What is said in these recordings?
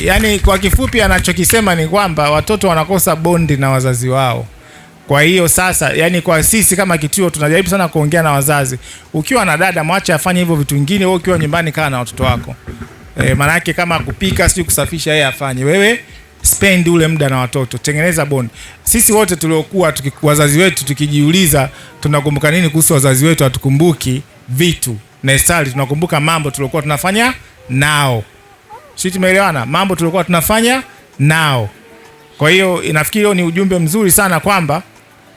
yani kwa kifupi anachokisema ni kwamba watoto wanakosa bondi na wazazi wao. Kwa hiyo sasa, yani kwa sisi kama kituo tunajaribu sana kuongea na wazazi. Ukiwa na dada, mwache afanye hivyo vitu vingine, wewe ukiwa nyumbani, kaa na watoto wako e, maanake kama kupika, si kusafisha, yeye afanye, wewe spend ule muda na watoto, tengeneza bond. Sisi wote tuliokuwa wazazi wetu tukijiuliza tunakumbuka nini kuhusu wazazi wetu, hatukumbuki vitu na stali, tunakumbuka mambo tuliokuwa tunafanya nao. Sisi tumeelewana mambo tulikuwa tunafanya nao. Kwa hiyo nafikiri hiyo ni ujumbe mzuri sana kwamba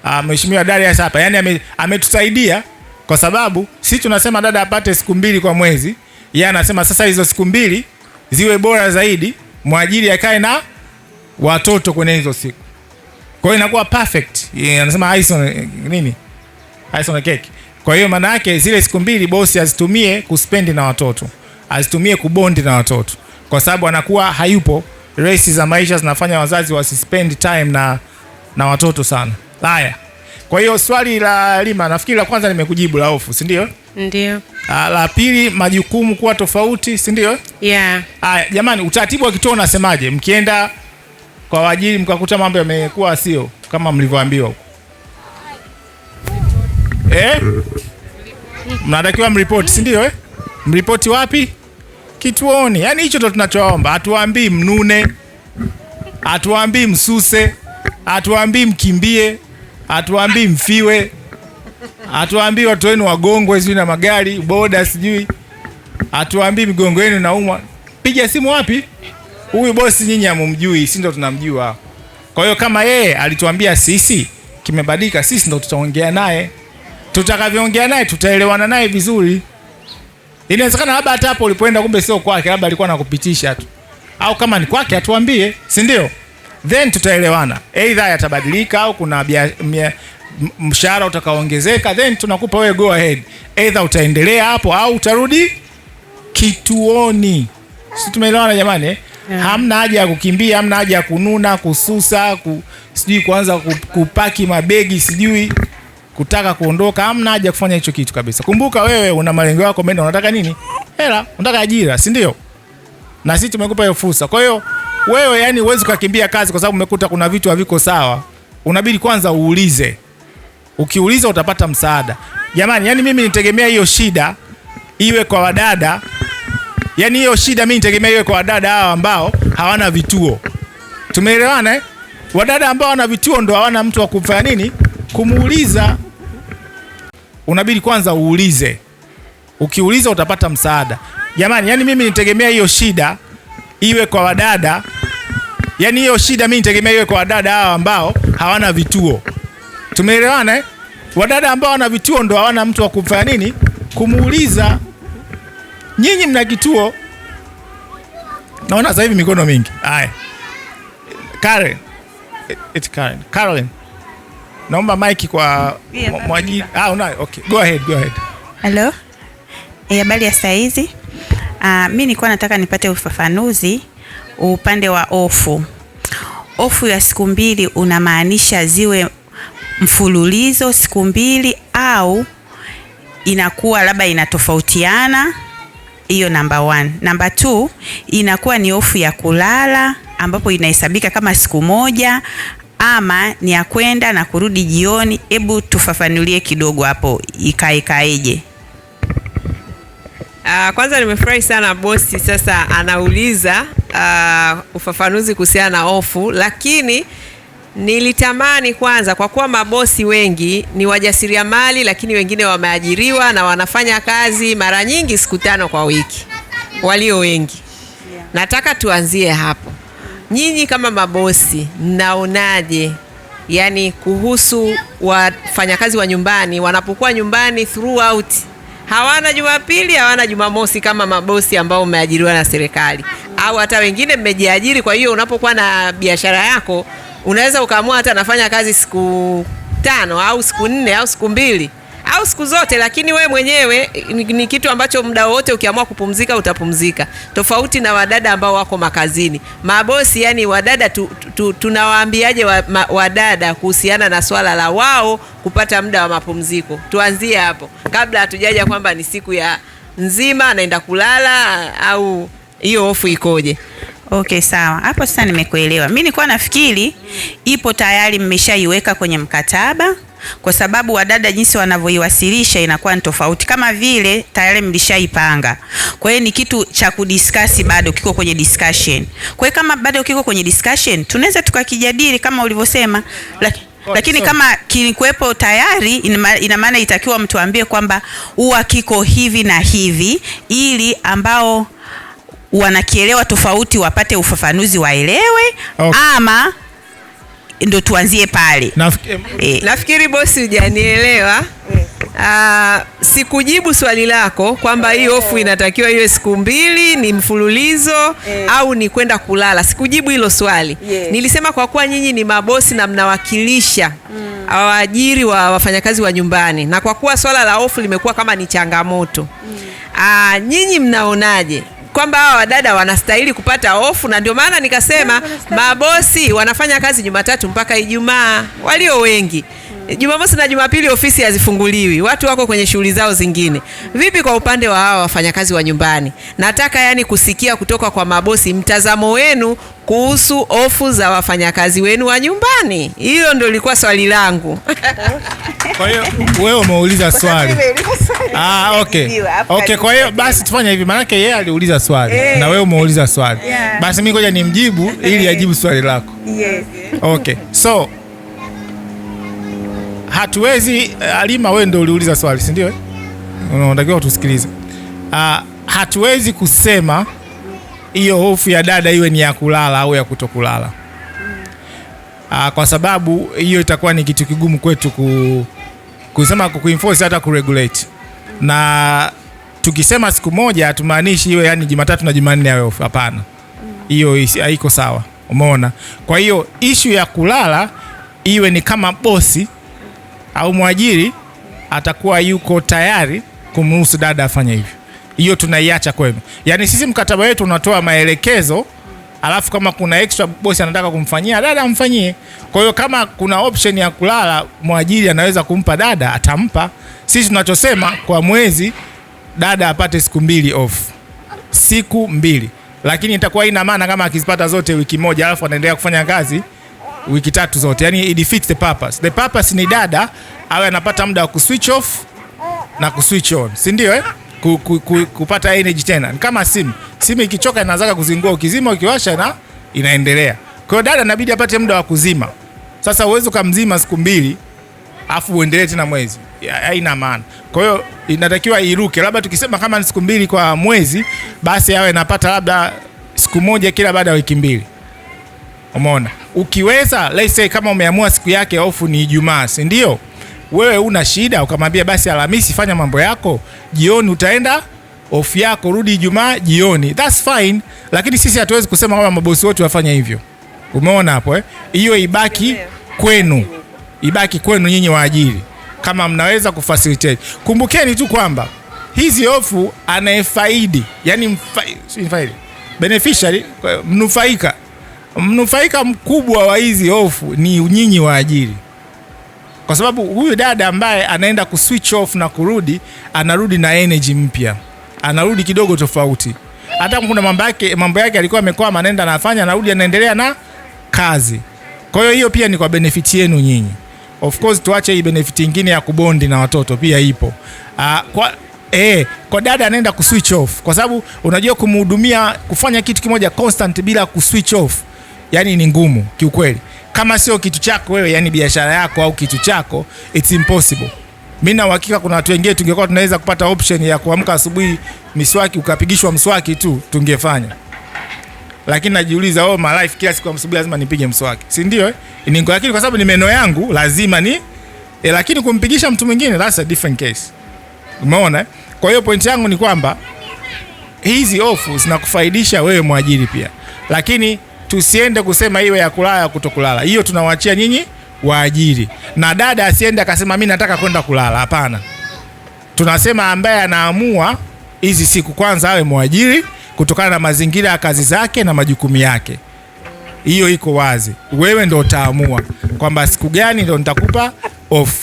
ah, mheshimiwa Darius hapa yani ametusaidia kwa sababu si tunasema dada apate siku mbili kwa mwezi, yeye anasema sasa hizo siku mbili ziwe bora zaidi, mwajiri akae na watoto kwenye hizo siku. Kwa hiyo inakuwa perfect, anasema ice on nini, ice on cake. Kwa hiyo maana yake zile siku mbili bosi azitumie kuspendi na watoto, azitumie kubondi na watoto kwa sababu anakuwa hayupo. Resi za maisha zinafanya wazazi wasispend time na, na watoto sana. Haya, kwa hiyo swali la Lima nafikiri la kwanza nimekujibu la hofu, si ndio? Ndio. Ah, la pili majukumu kuwa tofauti, si ndio? Yeah. Haya, jamani, utaratibu wa kituo unasemaje? Mkienda kwa wajili mkakuta mambo yamekuwa sio kama mlivyoambiwa huko eh? Mnatakiwa mripoti, si ndio eh? Mripoti wapi? kituoni. Yaani hicho ndo tunachoomba, hatuambii mnune, hatuambii msuse, hatuambii mkimbie, hatuambii mfiwe, hatuambii watu wenu wagongwe sijui na magari boda sijui, hatuambii migongo yenu naumwa. Piga simu wapi? Huyu bosi nyinyi hamumjui, si ndo tunamjua. Kwa hiyo kama yeye alituambia sisi kimebadilika, sisi ndo tutaongea naye, tutakavyoongea naye tutaelewana naye vizuri. Inawezekana labda hata hapo ulipoenda kumbe sio kwake, labda alikuwa anakupitisha tu, au kama ni kwake atuambie, si ndio? Then tutaelewana, aidha yatabadilika au kuna mshahara utakaoongezeka, then tunakupa wewe go ahead, aidha utaendelea hapo au utarudi kituoni. Si tumeelewana jamani eh? Yeah. Hamna haja ya kukimbia, hamna haja ya kununa, kususa ku, sijui kuanza kupaki mabegi sijui kutaka kuondoka, amna haja kufanya hicho kitu kabisa. Kumbuka wewe una malengo yako mbele, unataka nini? Hela, unataka ajira, si ndio? Na sisi tumekupa hiyo fursa. Kwa hiyo wewe, yani uwezi kukimbia kazi kwa sababu umekuta kuna vitu haviko sawa. Unabidi kwanza uulize, ukiuliza utapata msaada. Jamani, yani mimi nitegemea hiyo shida iwe kwa wadada, yani hiyo shida mimi nitegemea iwe kwa wadada hao ambao hawana vituo. Tumeelewana eh? Wadada ambao wana vituo ndo hawana mtu wa kumfanya nini, kumuuliza unabidi kwanza uulize. Ukiuliza utapata msaada. Jamani, yani mimi nitegemea hiyo shida iwe kwa wadada, yani hiyo shida mimi nitegemea iwe kwa wadada hawa ambao hawana vituo. Tumeelewana eh? Wadada ambao wana vituo ndo hawana mtu wa kumfanya nini, kumuuliza. Nyinyi mna kituo, naona sasa hivi mikono mingi. Haya, Karen, it's Karen, Caroline Naomba mic kwa mwajiri. Ah, unayo? Okay. Go ahead, go ahead. Hello. Habari ya saizi. Uh, ah, mi nilikuwa nataka nipate ufafanuzi upande wa ofu. Ofu ya siku mbili unamaanisha ziwe mfululizo siku mbili au inakuwa labda inatofautiana? Hiyo namba one. Namba two inakuwa ni ofu ya kulala ambapo inahesabika kama siku moja ama ni ya kwenda na kurudi jioni? Hebu tufafanulie kidogo hapo, ikaekaeje? Uh, ah, kwanza nimefurahi sana bosi sasa anauliza uh, ufafanuzi kuhusiana na ofu lakini nilitamani kwanza, kwa kuwa mabosi wengi ni wajasiriamali, lakini wengine wameajiriwa na wanafanya kazi mara nyingi siku tano kwa wiki, walio wengi, nataka tuanzie hapo nyinyi kama mabosi mnaonaje, yani kuhusu wafanyakazi wa nyumbani wanapokuwa nyumbani throughout, hawana Jumapili, hawana Jumamosi kama mabosi ambao mmeajiriwa na serikali au hata wengine mmejiajiri. Kwa hiyo unapokuwa na biashara yako unaweza ukaamua hata nafanya kazi siku tano au siku nne au siku mbili au siku zote, lakini we mwenyewe ni, ni kitu ambacho muda wote ukiamua kupumzika utapumzika, tofauti na wadada ambao wako makazini. Mabosi yani wadada tu, tu, tunawaambiaje wadada kuhusiana na swala la wao kupata muda wa mapumziko? Tuanzie hapo kabla hatujaja kwamba ni siku ya nzima anaenda kulala au hiyo hofu ikoje? Okay, sawa. Hapo sasa nimekuelewa. Mimi nilikuwa nafikiri ipo tayari mmeshaiweka kwenye mkataba kwa sababu wadada jinsi wanavyoiwasilisha inakuwa ni tofauti, kama vile tayari mlishaipanga. Kwa hiyo ni kitu cha kudiscuss, bado kiko kwenye discussion. Kwa hiyo kama bado kiko kwenye discussion, tunaweza tukakijadili kama ulivyosema, oh, lakini lakini kama kilikuwepo tayari, ina maana itakiwa mtu kwamba huwa kiko hivi na hivi, ili ambao wanakielewa tofauti wapate ufafanuzi waelewe, okay. Oh. ama ndo tuanzie pale. Nafikiri, e. bosi hujanielewa. Uh, sikujibu swali lako kwamba hii hofu inatakiwa iwe siku mbili ni mfululizo e, au ni kwenda kulala. Sikujibu hilo swali yeah. Nilisema kwa kuwa nyinyi ni mabosi na mnawakilisha mm, waajiri wa wafanyakazi wa nyumbani na kwa kuwa swala la hofu limekuwa kama ni changamoto mm, ah, nyinyi mnaonaje kwamba hawa wadada wanastahili kupata hofu, na ndio maana nikasema mabosi wanafanya kazi Jumatatu mpaka Ijumaa walio wengi Jumamosi na Jumapili ofisi hazifunguliwi, watu wako kwenye shughuli zao zingine. Vipi kwa upande wa hawa wafanyakazi wa nyumbani? Nataka yani kusikia kutoka kwa mabosi mtazamo wenu kuhusu hofu za wafanyakazi wenu wa nyumbani. Hilo ndio lilikuwa swali langu. Kwa hiyo wewe umeuliza swali. Ah, okay. Okay, kwa hiyo basi tufanye hivi, maanake yeye aliuliza swali hey, eh. na wewe umeuliza swali yeah. Basi mimi ngoja nimjibu ili eh. ajibu swali lako yes. Okay, so hatuwezi eh, Alima, wewe ndio uliuliza swali, si ndio? Unatakiwa tusikilize. Uh, ah, hatuwezi kusema hiyo hofu ya dada iwe ni ya kulala au ya kutokulala. Mm. Aa, ah, kwa sababu hiyo itakuwa ni kitu kigumu kwetu ku, kusema kuenforce hata kuregulate. Mm. Na tukisema siku moja hatumaanishi iwe yani Jumatatu na Jumanne awe hapana. Mm. Hiyo haiko sawa. Umeona? Kwa hiyo ishu ya kulala iwe ni kama bosi au mwajiri atakuwa yuko tayari kumruhusu dada afanye hivyo hiyo tunaiacha kwenu. Yaani sisi mkataba wetu unatoa maelekezo, alafu kama kuna extra bosi anataka kumfanyia dada amfanyie. Kwa hiyo kama kuna option ya kulala, mwajiri anaweza kumpa dada, atampa. Sisi tunachosema kwa mwezi dada apate siku mbili off, siku mbili, lakini itakuwa ina maana kama akizipata zote wiki moja, alafu anaendelea kufanya kazi wiki tatu zote, yani it defeats the purpose. The purpose ni dada awe anapata muda wa kuswitch off na kuswitch on, si ndio eh? ku, ku, ku, kupata energy tena. Ni kama simu, simu ikichoka inaanza kuzingua, ukizima ukiwasha na inaendelea. Kwa hiyo dada inabidi apate muda wa kuzima. Sasa uwezi ukamzima siku mbili afu uendelee tena mwezi, haina maana. Kwa hiyo inatakiwa iruke, labda tukisema kama ni siku mbili kwa mwezi, basi awe napata labda siku moja kila baada ya wiki mbili. Umeona, ukiweza let's say kama umeamua siku yake ofu ni Ijumaa, si ndio? wewe una shida, ukamwambia basi Alhamisi fanya mambo yako, jioni utaenda off yako, rudi Ijumaa jioni, that's fine. Lakini sisi hatuwezi kusema kama mabosi wote wafanya hivyo. Umeona hapo eh? Hiyo ibaki kwenu, ibaki kwenu nyinyi waajiri, kama mnaweza kufacilitate. Kumbukeni tu kwamba hizi ofu anayefaidi, yani mfaidi, beneficiary, mnufaika mnufaika mkubwa wa hizi ofu ni nyinyi waajiri kwa sababu huyu dada ambaye anaenda ku switch off na kurudi, anarudi na energy mpya, anarudi kidogo tofauti. Hata kuna mambo yake mambo yake alikuwa amekwama, anaenda anafanya, anarudi, anaendelea na kazi. Kwa hiyo hiyo pia ni kwa benefit yenu nyinyi. Of course tuache hii benefit nyingine ya kubondi na watoto pia ipo. Uh, kwa eh, kwa dada anaenda ku switch off kwa sababu unajua kumhudumia, kufanya kitu kimoja constant bila ku switch off yani ni ngumu kiukweli kama sio kitu chako wewe, yani biashara yako au kitu chako, it's impossible. Mimi na uhakika kuna watu wengine tungekuwa tunaweza kupata option ya kuamka asubuhi miswaki ukapigishwa mswaki tu tungefanya, lakini najiuliza oh, my life kila siku asubuhi lazima nipige mswaki, si ndio eh? Ningo, lakini kwa sababu ni meno yangu lazima ni eh, lakini kumpigisha mtu mwingine that's a different case. Umeona? eh? Kwa hiyo point yangu ni kwamba hizi ofu zinakufaidisha wewe mwajiri pia, lakini tusiende kusema iwe ya kulala ya kutokulala, hiyo tunawaachia nyinyi waajiri. Na dada asiende akasema mimi nataka kwenda kulala, hapana. Tunasema ambaye anaamua hizi siku kwanza awe mwajiri kutokana na mazingira ya kazi zake na majukumu yake. Hiyo iko wazi, wewe ndo utaamua kwamba siku gani ndo nitakupa off,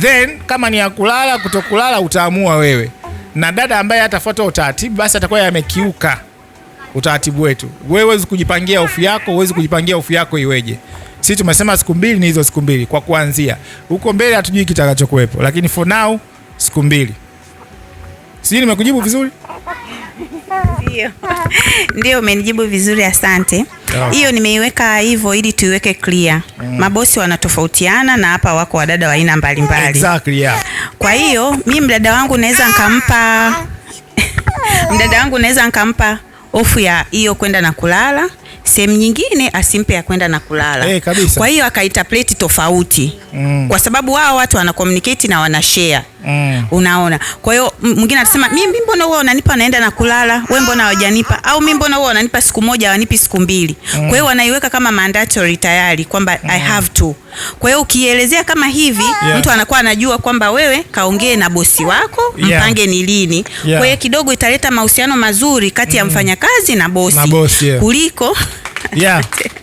then kama ni ya kulala kutokulala utaamua wewe. Na dada ambaye atafuata utaratibu, basi atakuwa yamekiuka utaratibu wetu. Wewe huwezi kujipangia hofu yako, huwezi kujipangia hofu yako iweje. Sisi tumesema siku mbili ni hizo siku mbili kwa kuanzia. Huko mbele hatujui kitakachokuwepo, lakini for now siku mbili. Sijui nimekujibu vizuri? Ndio. Ndio, umenijibu vizuri, asante. Hiyo nimeiweka hivyo ili tuiweke clear. Mm. Mabosi wanatofautiana na hapa wako wadada wa aina mbalimbali. Exactly, yeah. Kwa hiyo mimi mdada wangu naweza nikampa mdada wangu naweza nikampa hofu ya hiyo kwenda na kulala, sehemu nyingine asimpe ya kwenda na kulala hey, eh, kwa hiyo akaiinterpret tofauti mm. kwa sababu wao watu wana communicate na wana share Mm. Unaona, kwa hiyo mwingine atasema mimi mbona wewe unanipa naenda na kulala, wewe mbona hawajanipa? Au mimi mbona wewe unanipa siku moja hawanipi siku mbili? Mm. Kwa hiyo wanaiweka kama mandatory tayari kwamba mm. I have to. Kwa hiyo ukielezea kama hivi yeah. Mtu anakuwa anajua kwamba wewe kaongee na bosi wako yeah. Mpange ni lini yeah. Kwa hiyo kidogo italeta mahusiano mazuri kati ya mm. mfanyakazi na bosi, na bosi yeah. kuliko yeah.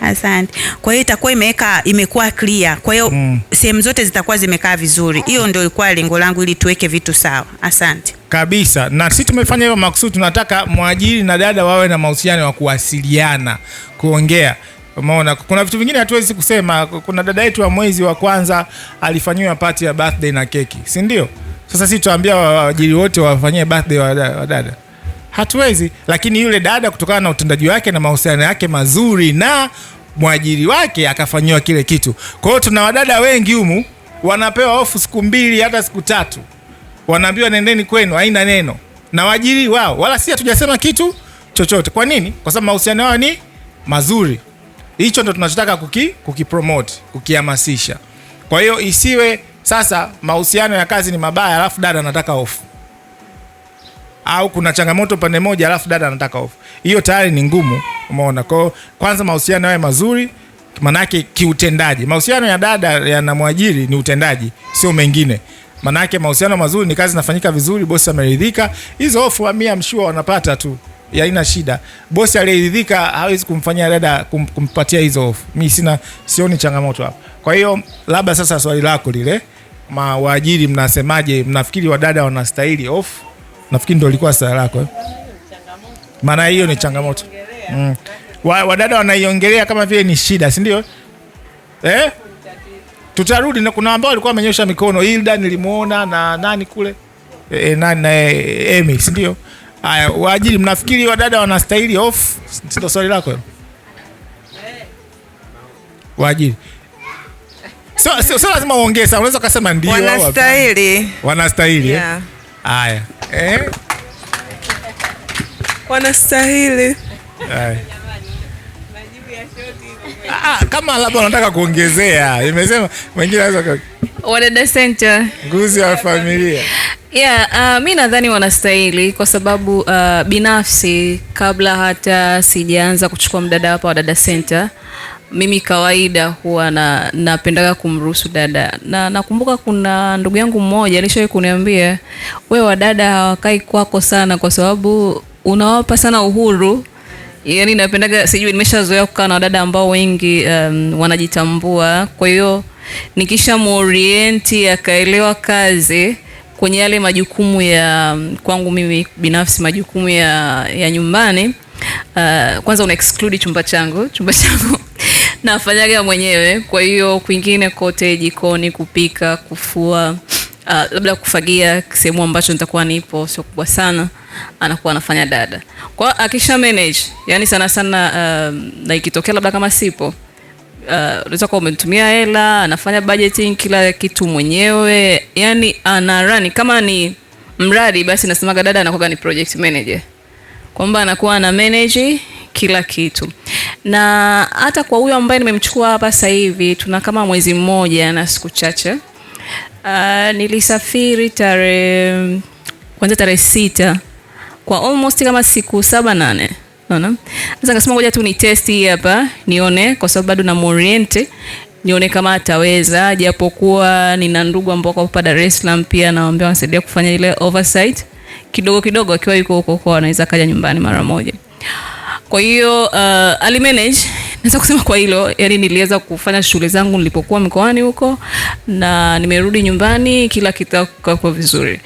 Asante. Kwa hiyo itakuwa imeweka imekuwa clear. Kwa hiyo mm, sehemu zote zitakuwa zimekaa vizuri. Hiyo ndio ilikuwa lengo langu, ili tuweke vitu sawa. Asante kabisa. Na sisi tumefanya hivyo makusudi, tunataka mwajiri na dada wawe na mahusiano ya kuwasiliana, kuongea Umeona, kuna vitu vingine hatuwezi kusema. Kuna dada yetu wa mwezi wa kwanza alifanyiwa pati ya birthday na keki, si ndio? Sasa sisi tutaambia waajiri wote wafanyie birthday wa dada hatuwezi. Lakini yule dada kutokana na utendaji wake na mahusiano yake mazuri na mwajiri wake akafanyiwa kile kitu. Kwa hiyo tuna wadada wengi humu wanapewa ofu siku mbili hata siku tatu, wanaambiwa nendeni kwenu, haina neno na waajiri wao, wala si hatujasema kitu chochote. Kwa nini? Kwa sababu mahusiano yao ni mazuri. Hicho ndo tunachotaka kuki kukipromote, kukihamasisha. Kwa hiyo isiwe sasa mahusiano ya kazi ni mabaya, alafu dada anataka ofu au kuna changamoto pande moja, alafu dada anataka ofa, hiyo tayari ni ngumu. Umeona? Kwa kwanza mahusiano yawe mazuri, manake kiutendaji. Mahusiano ya dada yana mwajiri ni utendaji, sio mengine manake mahusiano mazuri ni kazi inafanyika vizuri, bosi ameridhika. Hizo ofu mimi amshua wanapata tu, haina shida. Bosi aliyeridhika hawezi kumfanyia dada kum, kumpatia hizo ofu. Mimi sina, sioni changamoto hapo. Kwa hiyo labda sasa swali lako lile, waajiri mnasemaje? Mnafikiri wadada wanastahili ofu Nafikiri ndo likuwa sala lako eh? Maana hiyo ni changamoto mm. Wadada wanaiongelea kama vile ni shida, si ndio eh? Tutarudi na kuna ambao walikuwa wamenyosha mikono. ilda nilimwona na nani kule e, nani na eh, Emi, si ndio? aya waajili mnafikiri wadada wanastahili of Ndio swali lako hilo, waajili Sio so, so lazima uongee sana, unaweza ukasema ndio wanastahili, wanastahili haya yeah eh? Wanastahili. Ah, ah, kama labda unataka kuongezea, imesema mwingine Wadada Center, nguzo wa familia. Yeah, uh, mi nadhani wanastahili kwa sababu uh, binafsi kabla hata sijaanza kuchukua mdada hapa Wadada Center mimi kawaida huwa na napendaga kumruhusu dada, na nakumbuka kuna ndugu yangu mmoja alishawahi kuniambia, we wadada hawakai kwako sana kwa sababu unawapa sana uhuru. Yani napendaga, sijui nimeshazoea kukaa na wadada ambao wengi um, wanajitambua. Kwa hiyo nikisha muorienti akaelewa kazi kwenye yale majukumu ya um, kwangu mimi binafsi majukumu ya, ya nyumbani uh, kwanza una exclude chumba changu chumba changu nafanyaga mwenyewe. Kwa hiyo kwingine kote, jikoni, kupika, kufua, uh, labda kufagia sehemu ambacho nitakuwa nipo sio kubwa sana, anakuwa anafanya dada. Kwa akisha manage, yani sana sana uh, na ikitokea labda kama sipo ah, unaweza uh, kuwa umetumia hela, anafanya budgeting kila kitu mwenyewe, yani ana run kama ni mradi basi, nasemaga dada anakuwa ni project manager, kwamba anakuwa ana manage kila kitu na hata kwa huyo ambaye nimemchukua hapa sasa hivi tuna kama mwezi mmoja na siku chache. Uh, nilisafiri tarehe kwanza tarehe sita kwa almost kama siku saba nane unaona. Sasa nikasema ngoja tu ni test hii hapa nione, kwa sababu bado na namoriente nione kama ataweza, japokuwa nina ndugu ambao wako hapa Dar es Salaam pia nawaambia wanisaidia kufanya ile oversight kidogo kidogo, akiwa yuko huko huko anaweza kaja nyumbani mara moja. Kwa hiyo uh, alimanage naweza kusema kwa hilo, yani niliweza kufanya shughuli zangu nilipokuwa mkoani huko, na nimerudi nyumbani, kila kitu kwa vizuri.